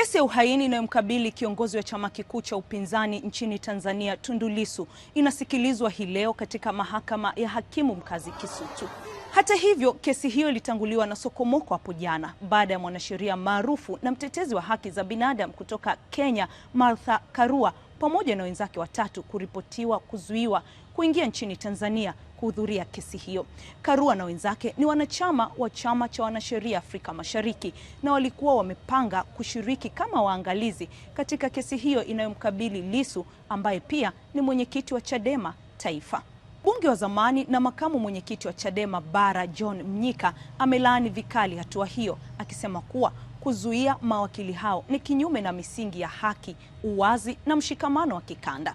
Kesi ya uhaini inayomkabili kiongozi wa chama kikuu cha upinzani nchini Tanzania, Tundu Lissu inasikilizwa hii leo katika mahakama ya hakimu mkazi Kisutu. Hata hivyo, kesi hiyo ilitanguliwa na sokomoko hapo jana baada ya mwanasheria maarufu na mtetezi wa haki za binadamu kutoka Kenya, Martha Karua pamoja na wenzake watatu kuripotiwa kuzuiwa kuingia nchini Tanzania kuhudhuria kesi hiyo. Karua na wenzake ni wanachama wa chama cha wanasheria Afrika Mashariki na walikuwa wamepanga kushiriki kama waangalizi katika kesi hiyo inayomkabili Lissu ambaye pia ni mwenyekiti wa Chadema Taifa. Mbunge wa zamani na makamu mwenyekiti wa Chadema Bara John Mnyika amelaani vikali hatua hiyo akisema kuwa kuzuia mawakili hao ni kinyume na misingi ya haki, uwazi na mshikamano wa kikanda.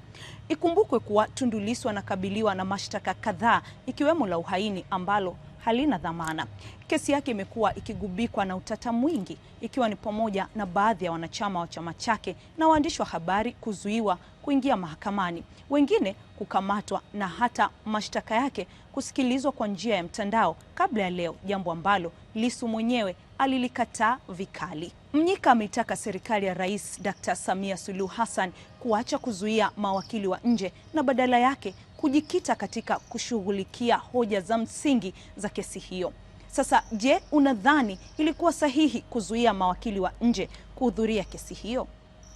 Ikumbukwe kuwa Tundu Lissu anakabiliwa na mashtaka kadhaa ikiwemo la uhaini ambalo halina dhamana. Kesi yake imekuwa ikigubikwa na utata mwingi, ikiwa ni pamoja na baadhi ya wanachama wa chama chake na waandishi wa habari kuzuiwa kuingia mahakamani, wengine kukamatwa na hata mashtaka yake kusikilizwa kwa njia ya mtandao kabla ya leo, jambo ambalo Lissu mwenyewe alilikataa vikali. Mnyika ameitaka serikali ya Rais Dr. Samia Suluhu Hassan kuacha kuzuia mawakili wa nje na badala yake kujikita katika kushughulikia hoja za msingi za kesi hiyo. Sasa je, unadhani ilikuwa sahihi kuzuia mawakili wa nje kuhudhuria kesi hiyo?